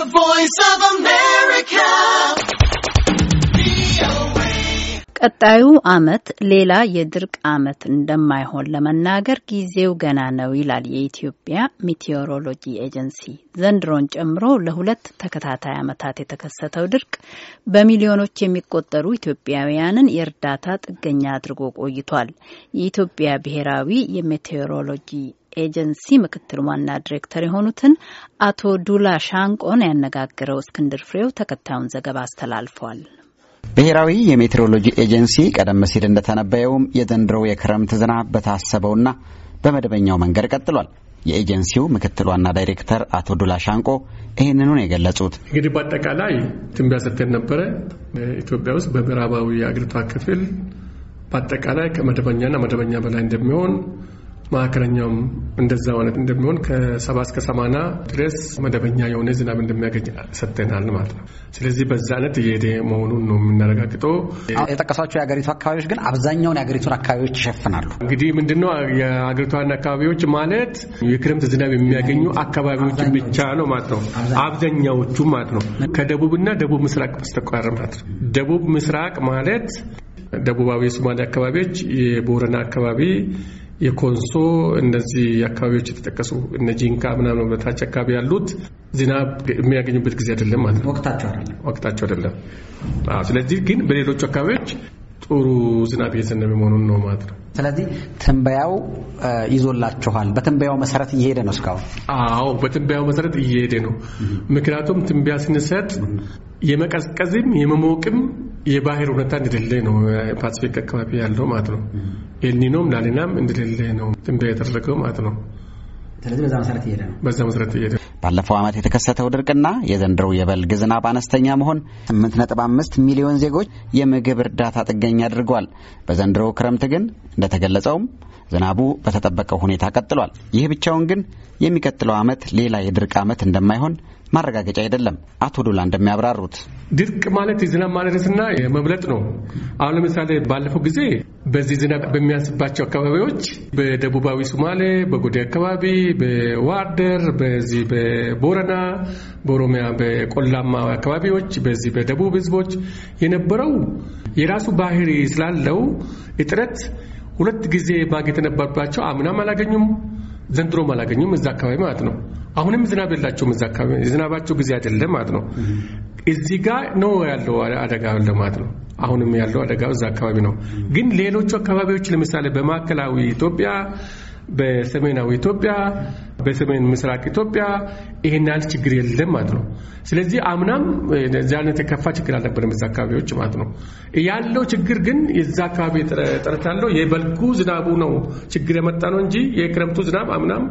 The Voice of America. ቀጣዩ አመት ሌላ የድርቅ አመት እንደማይሆን ለመናገር ጊዜው ገና ነው ይላል የኢትዮጵያ ሚቴዎሮሎጂ ኤጀንሲ። ዘንድሮን ጨምሮ ለሁለት ተከታታይ አመታት የተከሰተው ድርቅ በሚሊዮኖች የሚቆጠሩ ኢትዮጵያውያንን የእርዳታ ጥገኛ አድርጎ ቆይቷል። የኢትዮጵያ ብሔራዊ የሜቴዎሮሎጂ ኤጀንሲ ምክትል ዋና ዲሬክተር የሆኑትን አቶ ዱላ ሻንቆን ያነጋገረው እስክንድር ፍሬው ተከታዩን ዘገባ አስተላልፏል። ብሔራዊ የሜትሮሎጂ ኤጀንሲ ቀደም ሲል እንደተነበየውም የዘንድሮው የክረምት ዝናብ በታሰበውና በመደበኛው መንገድ ቀጥሏል። የኤጀንሲው ምክትል ዋና ዳይሬክተር አቶ ዱላ ሻንቆ ይህንኑን የገለጹት እንግዲህ በአጠቃላይ ትንቢያ ሰጥተን ነበረ። ኢትዮጵያ ውስጥ በምዕራባዊ የአገሪቷ ክፍል በአጠቃላይ ከመደበኛና መደበኛ በላይ እንደሚሆን መካከለኛውም እንደዛው አይነት እንደሚሆን ከሰባ እስከ ሰማና ድረስ መደበኛ የሆነ ዝናብ እንደሚያገኝ ሰጥተናል ማለት ነው። ስለዚህ በዛ አይነት እየሄደ መሆኑን ነው የምናረጋግጠው። የጠቀሷቸው የአገሪቱ አካባቢዎች ግን አብዛኛውን የአገሪቱን አካባቢዎች ይሸፍናሉ። እንግዲህ ምንድነው የሀገሪቷን አካባቢዎች ማለት የክረምት ዝናብ የሚያገኙ አካባቢዎች ብቻ ነው ማለት ነው። አብዛኛዎቹ ማለት ነው ከደቡብና ደቡብ ምስራቅ በስተቀር ማለት ነው። ደቡብ ምስራቅ ማለት ደቡባዊ የሶማሊያ አካባቢዎች፣ የቦረና አካባቢ የኮንሶ እነዚህ አካባቢዎች የተጠቀሱ እነ ጂንካ ምናምን በታች አካባቢ ያሉት ዝናብ የሚያገኙበት ጊዜ አይደለም ማለት ነው። ወቅታቸው አይደለም። ስለዚህ ግን በሌሎቹ አካባቢዎች ጥሩ ዝናብ እየዘነበ መሆኑን ነው ማለት ነው። ስለዚህ ትንበያው ይዞላችኋል። በትንበያው መሰረት እየሄደ ነው እስካሁን? አዎ፣ በትንበያው መሰረት እየሄደ ነው። ምክንያቱም ትንበያ ስንሰጥ የመቀዝቀዝም የመሞቅም የባህር ሁኔታ እንደሌለ ነው ፓስፊክ አካባቢ ያለው ማለት ነው። ኤልኒኖም ላሊናም እንደሌለ ነው እንደተደረገው ማለት ነው። ስለዚህ በዛ መሰረት እየሄደ ነው። በዛ መሰረት እየሄደ ባለፈው ዓመት የተከሰተው ድርቅና የዘንድሮው የበልግ ዝናብ አነስተኛ መሆን 8.5 ሚሊዮን ዜጎች የምግብ እርዳታ ጥገኝ አድርጓል። በዘንድሮው ክረምት ግን እንደተገለጸውም ዝናቡ በተጠበቀው ሁኔታ ቀጥሏል። ይህ ብቻውን ግን የሚቀጥለው ዓመት ሌላ የድርቅ ዓመት እንደማይሆን ማረጋገጫ አይደለም። አቶ ዶላ እንደሚያብራሩት ድርቅ ማለት የዝናብ ማድረስና የመብለጥ ነው። አሁን ለምሳሌ ባለፈው ጊዜ በዚህ ዝናብ በሚያስባቸው አካባቢዎች በደቡባዊ ሶማሌ፣ በጎዴ አካባቢ፣ በዋርደር፣ በዚህ በቦረና፣ በኦሮሚያ በቆላማ አካባቢዎች፣ በዚህ በደቡብ ህዝቦች የነበረው የራሱ ባህሪ ስላለው እጥረት ሁለት ጊዜ ማግኘት የነበርባቸው አምናም አላገኙም፣ ዘንድሮም አላገኙም እዛ አካባቢ ማለት ነው። አሁንም ዝናብ የላቸውም እዛ አካባቢ የዝናባቸው ጊዜ አይደለም ማለት ነው። እዚህ ጋር ነው ያለው አደጋ ለማለት ነው። አሁንም ያለው አደጋ እዛ አካባቢ ነው። ግን ሌሎቹ አካባቢዎች ለምሳሌ በማዕከላዊ ኢትዮጵያ፣ በሰሜናዊ ኢትዮጵያ በሰሜን ምስራቅ ኢትዮጵያ ይሄን ያህል ችግር የለም ማለት ነው። ስለዚህ አምናም እዚህ አይነት የከፋ ችግር አልነበረም እዛ አካባቢዎች ማለት ነው። ያለው ችግር ግን የዛ አካባቢ ጥረት ያለው የበልጉ ዝናቡ ነው ችግር የመጣ ነው እንጂ የክረምቱ ዝናብ አምናም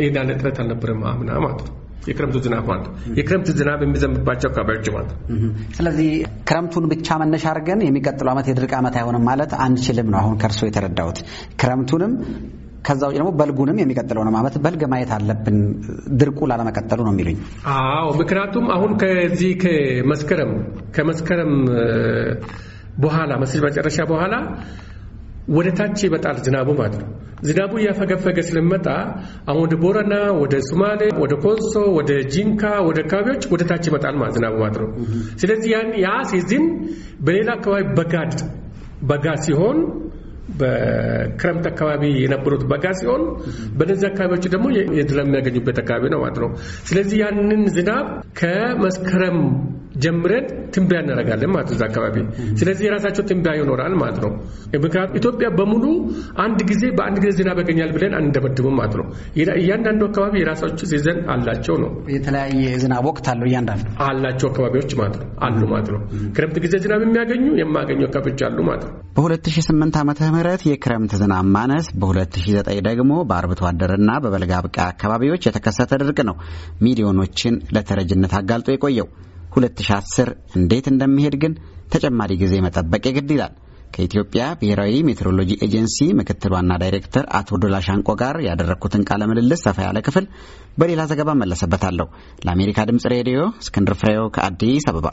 ይሄን ያለ ጥረት አልነበረም አምና ማለት ነው። የክረምቱ ዝናብ ማለት ነው። የክረምቱ ዝናብ የሚዘንብባቸው አካባቢዎች ማለት ነው። ስለዚህ ክረምቱን ብቻ መነሻ አድርገን የሚቀጥለው ዓመት የድርቅ ዓመት አይሆንም ማለት አንችልም ነው አሁን ከእርሶ የተረዳሁት ክረምቱንም ከዛ ውጭ ደግሞ በልጉንም የሚቀጥለው ነው ማለት በልግ ማየት አለብን ድርቁ ላለመቀጠሉ ነው የሚሉኝ። አዎ ምክንያቱም አሁን ከዚህ ከመስከረም ከመስከረም በኋላ መስል መጨረሻ በኋላ ወደ ታች ይመጣል ዝናቡ ማለት ነው። ዝናቡ እያፈገፈገ ስለሚመጣ አሁን ወደ ቦረና፣ ወደ ሱማሌ፣ ወደ ኮንሶ፣ ወደ ጂንካ፣ ወደ አካባቢዎች ወደ ታች ይመጣል ማለት ዝናቡ ማለት ነው። ስለዚህ ያን ያ ሲዝን በሌላ አካባቢ በጋድ በጋ ሲሆን በክረምት አካባቢ የነበሩት በጋ ሲሆን በነዚህ አካባቢዎች ደግሞ የዝናብ የሚያገኙበት አካባቢ ነው ማለት ነው። ስለዚህ ያንን ዝናብ ከመስከረም ጀምረን ትንበያ እናደርጋለን ማለት እዛ አካባቢ። ስለዚህ የራሳቸው ትንበያ ይኖራል ማለት ነው። ምክንያቱም ኢትዮጵያ በሙሉ አንድ ጊዜ በአንድ ጊዜ ዝናብ ያገኛል ብለን አንደመድብም ማለት ነው። እያንዳንዱ አካባቢ የራሳቸው ሲዘን አላቸው ነው። የተለያየ ዝናብ ወቅት አለው እያንዳንዱ አላቸው አካባቢዎች ማለት ነው አሉ ማለት ነው። ክረምት ጊዜ ዝናብ የሚያገኙ የማያገኙ አካባቢዎች አሉ ማለት ነው። በ2008 ዓመተ ምህረት የክረምት ዝናብ ማነስ፣ በ2009 ደግሞ በአርብቶ አደርና በበልግ አብቃይ አካባቢዎች የተከሰተ ድርቅ ነው ሚሊዮኖችን ለተረጅነት አጋልጦ የቆየው። 2010 እንዴት እንደሚሄድ ግን ተጨማሪ ጊዜ መጠበቅ የግድ ይላል። ከኢትዮጵያ ብሔራዊ ሜትሮሎጂ ኤጀንሲ ምክትል ዋና ዳይሬክተር አቶ ዶላ ሻንቆ ጋር ያደረግኩትን ቃለ ምልልስ ሰፋ ያለ ክፍል በሌላ ዘገባ መለሰበታለሁ። ለአሜሪካ ድምጽ ሬዲዮ እስክንድር ፍሬው ከአዲስ አበባ